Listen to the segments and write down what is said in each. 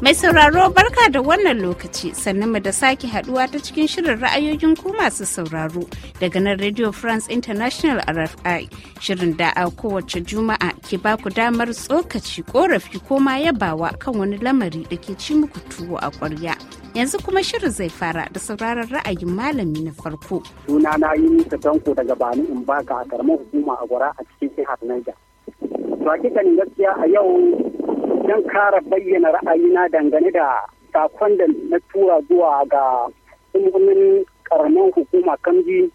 Mai sauraro barka da wannan lokaci sannan mu da sake haduwa ta cikin shirin ra'ayoyin ku masu sauraro daga nan Radio France International RFI shirin da a kowace juma'a ke ba ku damar tsokaci korafi ko ma yabawa kan wani lamari da ke ci muku tuwo a ƙwarya. Yanzu kuma shirin zai fara da sauraron ra'ayin malami na farko. Suna na yi nisa tanko daga Bani in baka a karamar hukuma a gwara a cikin jihar Niger. To hakikanin gaskiya a yau don kara bayyana ra'ayina dangane da sakon da na tura zuwa ga hukumomin karamar hukuma kanji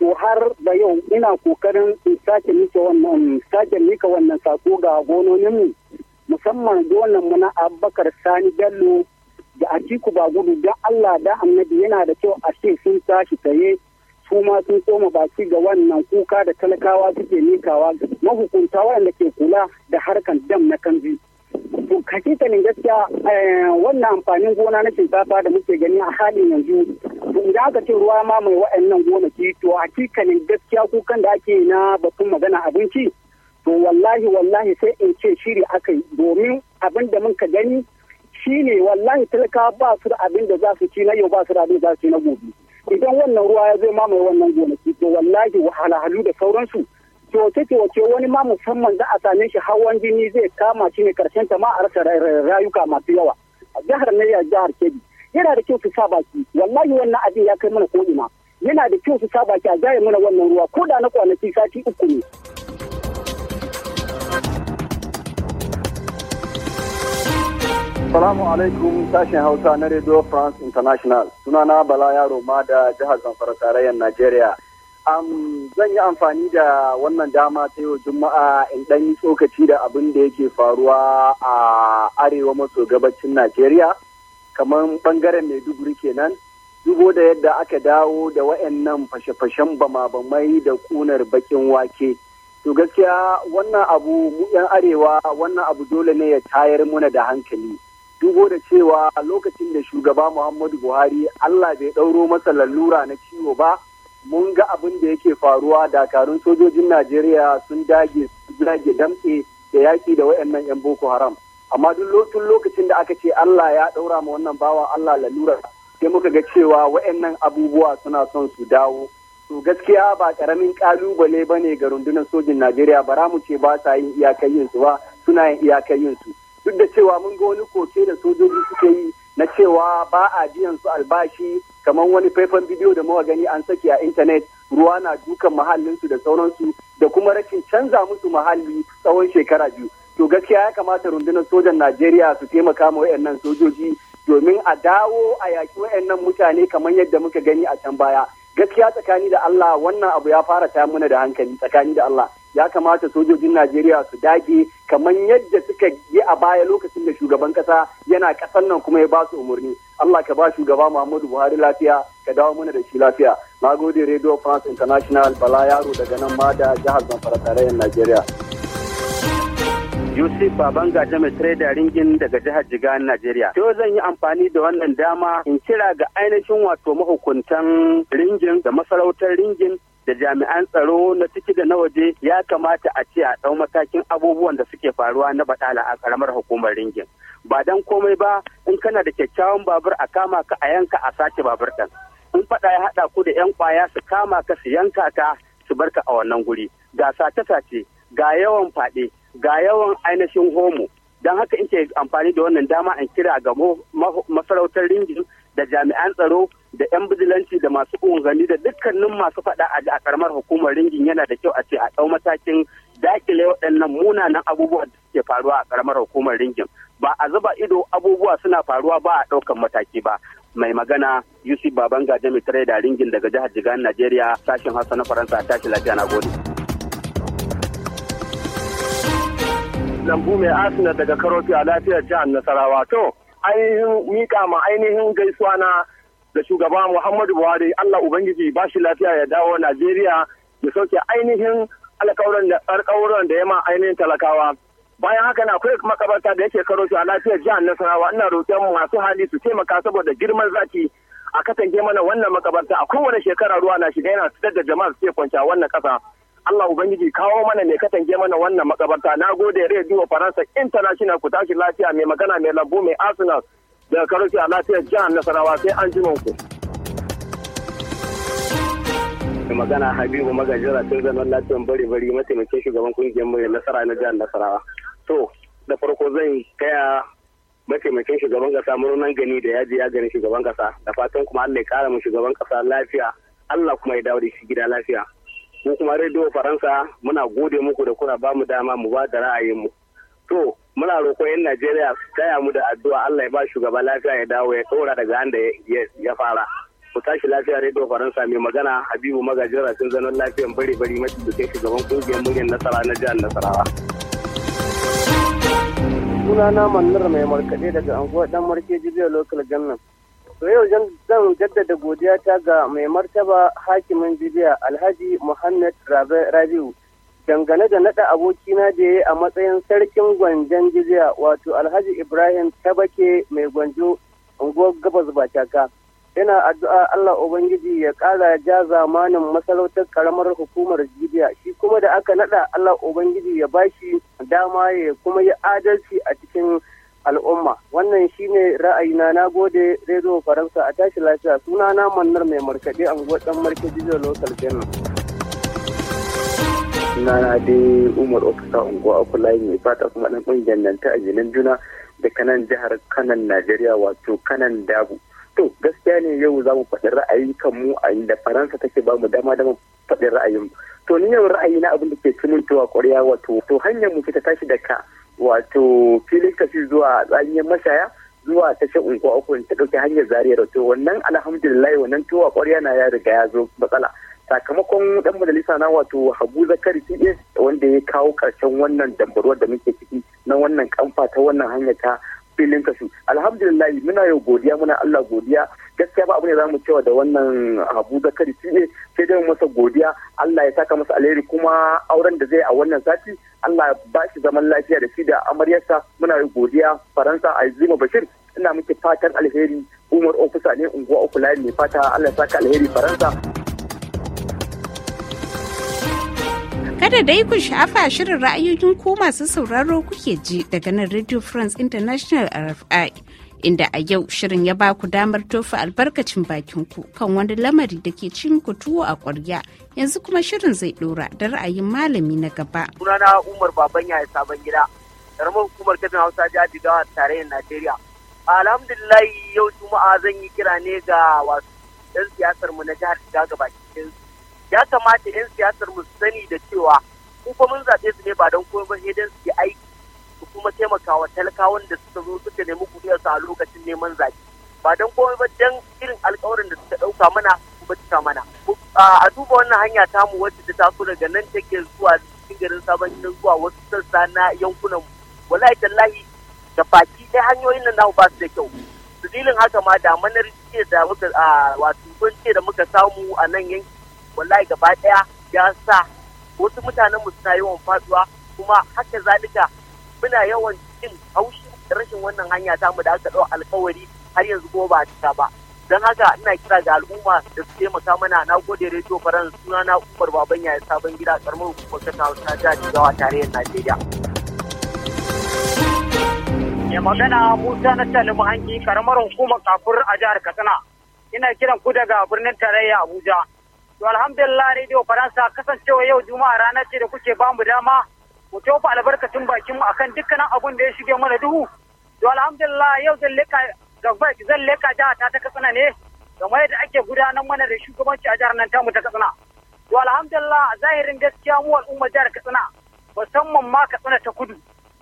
to har da yau ina kokarin in sake mika wannan sake mika wannan sako ga gononinmu musamman gonan mu na Abubakar Sani Bello da Atiku ba gudu don Allah da annabi yana da kyau a ce sun tashi tsaye su ma sun koma baki ga wannan kuka da talakawa suke nikawa mahukunta waɗanda ke kula da harkan dam na kanzi To ne gaskiya eh, wannan amfanin gona na shinkafa da muke gani a halin yanzu da aka ce ruwa ma mai gona gonaki to hakikanin gaskiya kukan da ake na batun magana abinci to wallahi wallahi sai in ce shiri aka yi domin abin da muka gani Shi ne wallahi talaka ba su da abin da za su ci na yau ba su da abin da za su ci na gobe idan wannan ruwa ya zai mamaye wannan gonaki to wallahi wahalhalu da sauransu to take wace wani ma musamman za a same shi hawan jini zai kama shi ne karshen ta ma a rasa rayuka masu yawa a jihar Niger jihar Kebbi yana da kyau su sa baki wallahi wannan abin ya kai mana ko'ina yana da kyau su sa baki a jaye mana wannan ruwa ko da na kwanaki sati uku ne Assalamu alaikum sashen Hausa na Radio France International. Sunana Bala Yaro ma da jihar Zamfara tarayyar Najeriya. Um, zan yi amfani da wannan dama ta yau Juma'a in ɗan yi tsokaci da abin da yake faruwa a arewa maso gabacin Najeriya, kamar ɓangaren Maiduguri kenan. Dubo da yadda aka dawo da wa'annan fashe-fashen bama-bamai da ƙunar baƙin wake. To gaskiya wannan abu mu 'yan arewa wannan abu dole ne ya tayar muna da hankali. dubo da cewa lokacin da shugaba Muhammadu Buhari Allah bai ɗauro masa lalura na ciwo ba mun ga abin da yake faruwa dakarun sojojin Najeriya sun dage dage damtse da yaƙi da wayannan yan Boko Haram amma duk tun lokacin da aka ce Allah ya ɗaura ma wannan bawa, Allah lalurar. sai muka ga cewa wayannan abubuwa suna son su dawo to gaskiya ba ƙaramin ƙalubale ba ne ga rundunar sojin Najeriya bara mu ce ba sa yin iyakar yinsu ba suna yin iyakar yinsu. duk da cewa mun ga wani koke da sojoji suke yi na cewa ba a biyan su albashi kamar wani faifan bidiyo da muka gani an saki a intanet ruwa na dukan mahallinsu da sauransu da kuma rashin canza musu muhalli tsawon shekara biyu to gaskiya ya kamata rundunar sojan najeriya su taimaka ma wayannan sojoji domin a dawo a yaki wayannan mutane kamar yadda muka gani a can baya gaskiya tsakani da allah wannan abu ya fara ta mana da hankali tsakani da allah ya kamata sojojin najeriya su dage kamar yadda suka yi a baya lokacin da shugaban kasa yana kasan nan kuma ya ba su umarni Allah ka ba shugaba Muhammadu Buhari lafiya ka dawo mana da shi lafiya na gode Radio France International Bala Yaro daga nan ma da jihar Zamfara tarayyar Najeriya Yusuf Babanga mai Trader Ringin daga jihar jiga Najeriya. To zan yi amfani da wannan dama in kira ga ainihin wato mahukuntan Ringin da masarautar Ringin da jami'an tsaro na ciki da na waje ya kamata a ce a ɗau matakin abubuwan da suke faruwa na baɗala a ƙaramar hukumar ringin ba dan komai ba in kana da kyakkyawan babur a kama ka a yanka a sace babur ɗin in faɗa ya haɗa ku da 'yan kwaya su kama ka su yanka ka su barka a wannan guri ga sace-sace ga yawan faɗe ga yawan ainihin homo don haka in ke amfani da wannan dama in kira ga masarautar ringin da jami'an tsaro da 'yan bijilanci da masu unzani da dukkanin masu faɗa a karamar hukumar ringin yana da kyau a ce a ɗau matakin dakile waɗannan munanan abubuwan da suke faruwa a karamar hukumar ringin ba a zuba ido abubuwa suna faruwa ba a ɗaukan mataki ba mai magana yusuf baban jami da ringin daga jihar jigan najeriya sashen hausa na faransa tashi lafiya na gode lambu mai asina daga karofi a lafiyar jihar nasarawa to ainihin mika ma ainihin gaisuwa na da shugaba Muhammadu Buhari Allah Ubangiji ba shi lafiya ya dawo Najeriya ya sauke ainihin alƙawuran da ya ma ainihin talakawa. Bayan haka na akwai makabarta da yake karo shi a lafiyar jihar Nasarawa ina roƙon masu hali su taimaka saboda girman zaki a katange mana wannan makabarta a kowane shekara ruwa na shiga yana fitar da jama'a su ke kwanciya a wannan ƙasa. Allah Ubangiji kawo mana mai katange mana wannan makabarta na gode rediyo Faransa International ku tashi lafiya mai magana mai lambu mai Arsenal daga karoki a lafiyar jihar nasarawa sai an ji ku. magana habibu magajin ratun zanen lafiyan bari bari mataimakin shugaban kungiyar mai nasara na jihar nasarawa to da farko zan kaya mataimakin shugaban kasa murnan gani da yaji ya gani shugaban kasa da fatan kuma allah ya kara mu shugaban kasa lafiya allah kuma ya dawo da shi gida lafiya mu kuma rediyo faransa muna gode muku da kuna ba mu dama mu ba da ra'ayinmu to muna roƙon 'yan Najeriya su taya mu da addu'a Allah ya ba shugaba lafiya ya dawo ya tsora daga handa ya fara. Ku tashi lafiya Radio Faransa mai magana Habibu Magajin Rasin Zanen Lafiyan Bari Bari Mataimakin Shugaban Kungiyar Muryar Nasara na Jihar Nasarawa. Sunana manar mai markaɗe daga anguwar ɗan Marke Jibiyar Local gannan. To yau zan jaddada godiya ta ga mai martaba hakimin bibiya Alhaji Muhammad Rabi'u dangane da naɗa abokina da ya a matsayin sarkin gwanjan jiziya wato alhaji ibrahim tabake mai gwanjo unguwar gabas bataka yana addu'a allah ubangiji ya ƙara ja zamanin masarautar karamar hukumar jibiya shi kuma da aka naɗa allah ubangiji ya bashi dama ya kuma yi adalci a cikin al'umma wannan shine ra'ayina na gode rezo faransa a tashi lafiya sunana mannar mai markaɗe unguwar dan markaji da lokal kenan. sunana dai umar ofisa unguwa akulayi mai fata kuma dan kungiyar nan ta ajinin juna da kanan jihar kanan najeriya wato kanan dabu to gaskiya ne yau za mu faɗi ra'ayi kan mu a inda faransa take ba mu dama dama faɗin ra'ayin to ni yau ra'ayi na abin da ke tuwa ƙwarya wato to hanyar mu ta tashi daga wato filin kashi zuwa tsaniyar mashaya zuwa tashar unguwa uku ta ɗauki hanyar zariyar to wannan alhamdulillah wannan tuwa ƙwarya na ya riga ya zo matsala sakamakon dan majalisa na wato habu zakari da wanda ya kawo karshen wannan dambarwar da muke ciki na wannan kamfa ta wannan hanya ta filin kasu alhamdulillah muna yau godiya muna allah godiya gaskiya ba abu ne za mu cewa da wannan abu zakari shi sai dai masa godiya Allah ya saka masa alheri kuma auren da zai a wannan sati Allah ya ba shi zaman lafiya da shi da amaryarsa muna yau godiya faransa azima bashir ina muke fatan alheri umar ofisa ne unguwa ofula ne fata Allah ya saka alheri faransa Kada dai ku shafa shirin ra'ayoyin ko masu sauraro kuke ji daga nan Radio France International RFI. Inda a yau shirin ya ba ku damar tofa albarkacin bakin ku kan wani lamari da ke cin ku tuwo a ƙwarya yanzu kuma shirin zai ɗora da ra'ayin malami na gaba. Sunana Umar baban ya sabon gida, ƙaramar hukumar kasan Hausa jihar Jigawa tarayyar Najeriya. Alhamdulillah yau Juma'a zan yi kira ne ga wasu 'yan siyasar mu na jihar Jigawa gaba cikin ya kamata 'yan siyasar mu sani da cewa ku mun zaɓe su ne ba don komai ba sai su aiki su kuma taimakawa talakawan da suka zo suka nemi kuɗiyarsu a lokacin neman zaɓe ba don komai ba dan irin alkawarin da suka ɗauka mana ba cika mana a duba wannan hanya tamu wacce ta taso daga nan take zuwa cikin garin sabon gidan zuwa wasu sassa na yankunan wallahi tallahi da faki. ɗaya hanyoyin nan namu ba su da kyau dalilin haka ma da manar da muka wato da muka samu a nan yankin. wallahi gaba daya ya sa wasu mutanen mu suna yawan faduwa kuma haka zalika muna yawan cin haushi rashin wannan hanya ta mu da aka dau alkawari har yanzu ko ba ta ba dan haka ina kira ga al'umma da su taimaka mana na gode rediyo faran suna na umar baban yaya sabon gida karmar hukumar ta hausa ta jigawa tarayyar najeriya Ya magana musa na talibu hanki karamar hukumar kafur a jihar katsina ina kiran ku daga birnin tarayya abuja To alhamdulillah Radio Faransa kasancewa yau Juma'a rana ce da kuke bamu dama mu tofa albarkacin bakin mu akan dukkanin abun da ya shige mana duhu. To alhamdulillah yau zan leka zan leka jiha ta ta Katsina ne game da ake gudanar mana da shugabanci a jihar nan tamu ta Katsina. To alhamdulillah a zahirin gaskiya mu al'ummar jihar Katsina musamman ma Katsina ta kudu.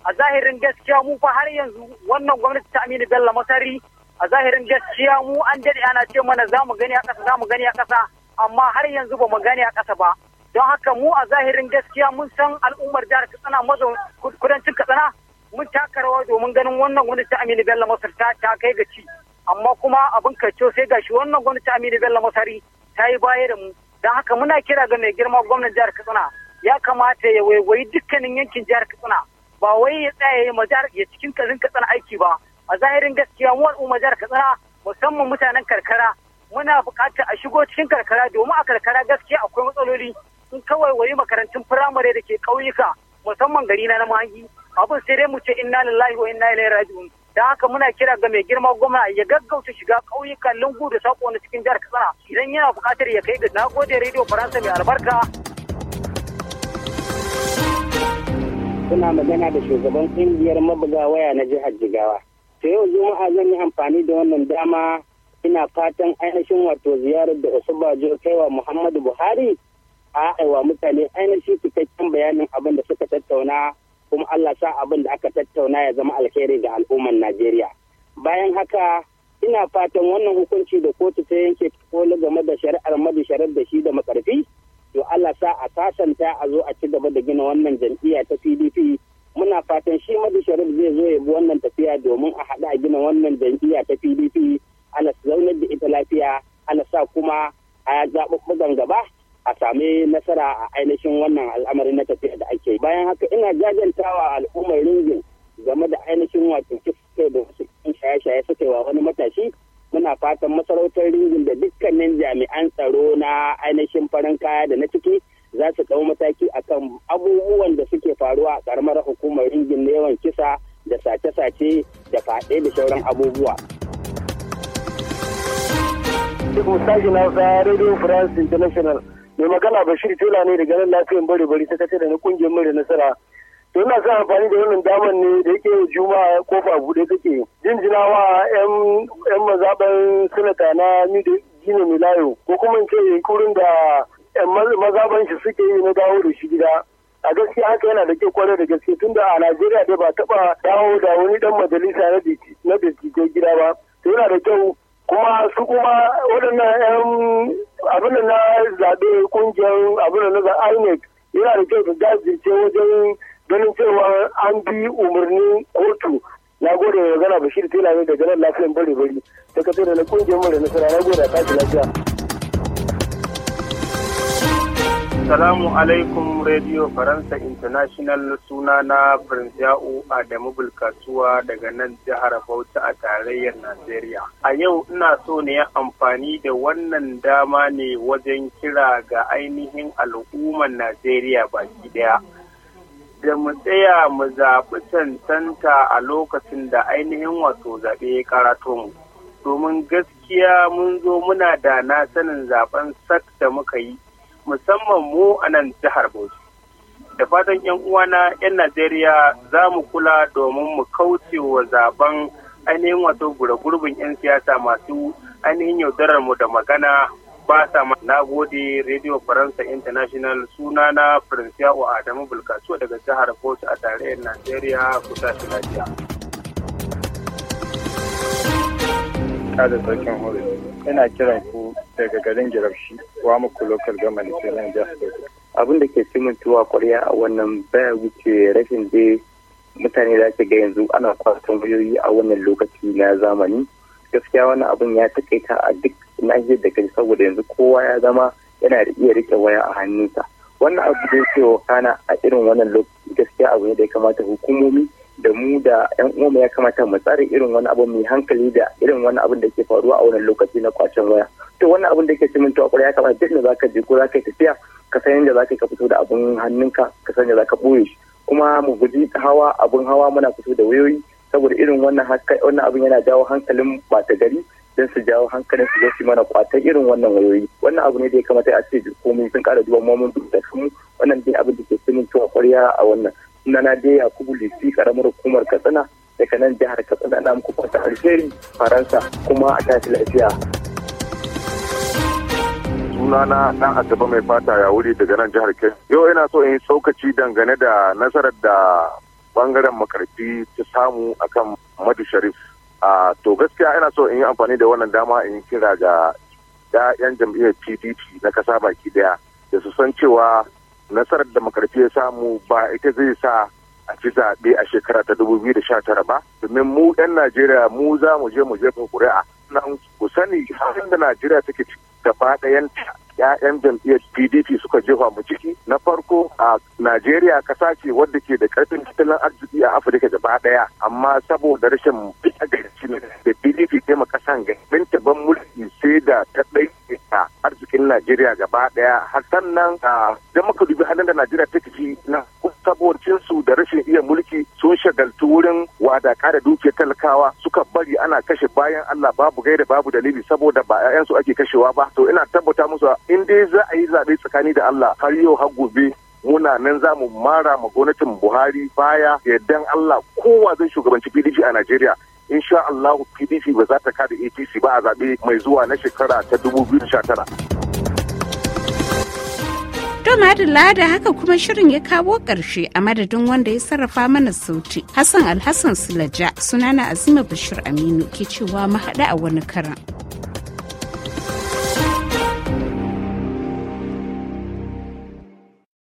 A zahirin gaskiya mu fa har yanzu wannan gwamnati ta Aminu Bello Masari a zahirin gaskiya mu an dade ana ce mana za mu gani a ƙasa za mu gani a ƙasa amma har yanzu ba mu gani a ƙasa ba don haka mu a zahirin gaskiya mun san al'ummar jihar katsina mazo kudancin katsina mun taka rawa domin ganin wannan gwamnati aminu bello masar ta kai ga ci amma kuma abin kacce sai gashi wannan gwamnati aminu bello masari ta yi baya da mu don haka muna kira ga mai girma gwamnan jihar katsina ya kamata ya waiwayi dukkanin yankin jihar katsina ba wai ya tsaya ya ma jihar ya cikin kazin katsina aiki ba a zahirin gaskiya mu al'ummar jihar katsina musamman mutanen karkara muna buƙatar a shigo cikin karkara domin a karkara gaskiya akwai matsaloli in kawai wayi makarantun firamare da ke ƙauyuka musamman gari na mahangi abin sai dai mu ce inna lillahi wa inna ilaihi raji'un dan haka muna kira ga mai girma gwamna ya gaggauta shiga ƙauyuka lungu da sako na cikin jihar Katsina idan yana buƙatar ya kai ga nagode rediyo Faransa mai albarka Suna magana da shugaban kungiyar mabuga waya na jihar Jigawa. Ta yau Juma'a zan yi amfani da wannan dama ina fatan ainihin wato ziyarar da Osubajo kaiwa Muhammadu Buhari a aiwa mutane ainihin cikakken bayanin abin da suka tattauna kuma Allah sa abin da aka tattauna ya zama alheri ga al'ummar Najeriya. Bayan haka ina fatan wannan hukunci da kotu ta yanke koli game da shari'ar madu shari'ar da shi da makarfi to Allah sa a sasanta a zo a ci gaba da gina wannan jam'iyya ta PDP muna fatan shi madu shari'ar zai zo ya bi wannan tafiya domin a haɗa a gina wannan jam'iyya ta PDP yi nasara a ainihin wannan al'amarin na tafiya da ake bayan haka ina jajantawa al'ummar ringin game da ainihin wato kifto da wasu shaye-shaye suke wa wani matashi muna fatan masarautar ringin da dukkanin jami'an tsaro na ainihin farin kaya da na ciki za su ɗau mataki akan abubuwan da suke faruwa a karamar hukumar ringin na yawan kisa da sace-sace da faɗe da sauran abubuwa. Duk na Radio France International. mai magana bashir tela ne da ganin lafiyan bari bari ta kace da na kungiyar mai nasara to ina son amfani da wannan daman ne da yake juma'a kofa buɗe take jinjinawa yan yan mazaban sanata na ni da mai layo ko kuma in ce kurin da yan mazaban shi suke yi na dawo da shi gida a gaskiya haka yana da kyau kwarai da gaske tunda a najeriya dai ba taba dawo da wani dan majalisa na na gida ba to yana da kyau kuma su kuma waɗannan yan abin na zaɓe kungiyar abin na INEC yana da kyau ta jajirce wajen ganin cewa an bi umarnin kotu na gode da gana bashir tela da daga lafiyan bari bari da kasar da na kungiyar mara nasara na gode a tashi lafiya. Salamu alaikum Radio Faransa International suna na Ya'u Adamu Bulkasuwa daga nan jihar Bauchi a tarayyar Najeriya. A yau ina so ne ya amfani da wannan dama ne wajen kira ga ainihin al'ummar Najeriya baki daya. Da mu tsaya mu zaɓi cancanta a lokacin da ainihin wato zaɓe ya karato mu. Domin gaskiya mun zo muna da na sanin zaɓen sak da muka yi musamman mu a nan jihar Bauchi. Da fatan 'yan uwana 'yan Najeriya za mu kula domin mu kauce wa zaben ainihin wato gura gurbin 'yan siyasa masu ainihin yaudarar mu da magana ba sa ma na gode Radio Faransa International suna na Prince Adamu Bulkasuwa daga jihar Bauchi a tarayyar Najeriya ku tashi lafiya. kada sarkin hore ina kiran ku daga garin girabshi wa muku local government kenan jihar abin da ke simintuwa kwarya a wannan baya wuce rashin dai mutane da ke ga yanzu ana kwatan wayoyi a wannan lokaci na zamani gaskiya wani abin ya takaita a duk nahiyar da kai saboda yanzu kowa ya zama yana da iya rike waya a hannunsa wannan abu da yake wakana a irin wannan lokaci gaskiya abu ne da ya kamata hukumomi da mu da yan uwanmu ya kamata mu tsara irin wani abu mai hankali da irin wani abu da ke faruwa a wannan lokaci na kwacin waya to wannan abin da ke cimin tuwa ya kamata duk da zaka je ko zaka tafiya ka san yadda zaka ka fito da abun hannunka ka san yadda zaka boye shi kuma mu guji hawa abun hawa muna fito da wayoyi saboda irin wannan wannan abin yana jawo hankalin bata gari don su jawo hankalin su zai mana kwatan irin wannan wayoyi wannan abu ne da ya kamata a ce komai sun kara duba momin da su wannan din abin da ke cimin tuwa kwarya a wannan na Nade Yakubu Lissi karamar hukumar Katsina daga nan jihar Katsina na muku fata alheri Faransa kuma a tashi lafiya. na dan asaba mai fata ya wuri daga nan jihar ke Yau ina so in saukaci dangane da nasarar da bangaren makarfi ta samu akan Madu Sharif. A to gaskiya ina so in yi amfani da wannan dama in kira ga 'ya'yan jam'iyyar PDP na kasa baki daya da su san cewa nasarar da makarfi ya samu ba ita zai sa a ci zaɓe a shekara ta tara ba domin mu 'yan najeriya mu za mu je mu jefa ƙuri'a nan ku sani halin da najeriya take gaba ɗayanta ya'yan jam'iyyar pdp suka jefa mu ciki na farko a najeriya kasa ce wadda ke da karfin tattalin arziki a afirka gaba daya amma saboda rashin fita da pdp ta ma kasan ga ban mulki sai da ta ɗai In Najeriya gaba daya har sannan idan muka dubi halin da Najeriya take ciki na sabocin su da rashin iya mulki sun shagaltu wurin wadaka da dukiyar talakawa suka bari ana kashe bayan Allah babu gaida babu dalili saboda ba 'ya'yan su ake kashewa ba to ina tabbata musu in dai za a yi zaɓe tsakani da Allah har yau har gobe muna nan za mu mara ma gwamnatin Buhari baya yaddan Allah kowa zai shugabanci PDP a Najeriya insha Allah PDP ba za ta kada APC ba a zaɓe mai zuwa na shekara ta 2019. don Madalla da haka kuma shirin ya kawo ƙarshe a madadin wanda ya sarrafa mana sauti. Hassan Alhassan Sulaja sunana Azima Bashir Aminu ke cewa mahaɗa a wani karan.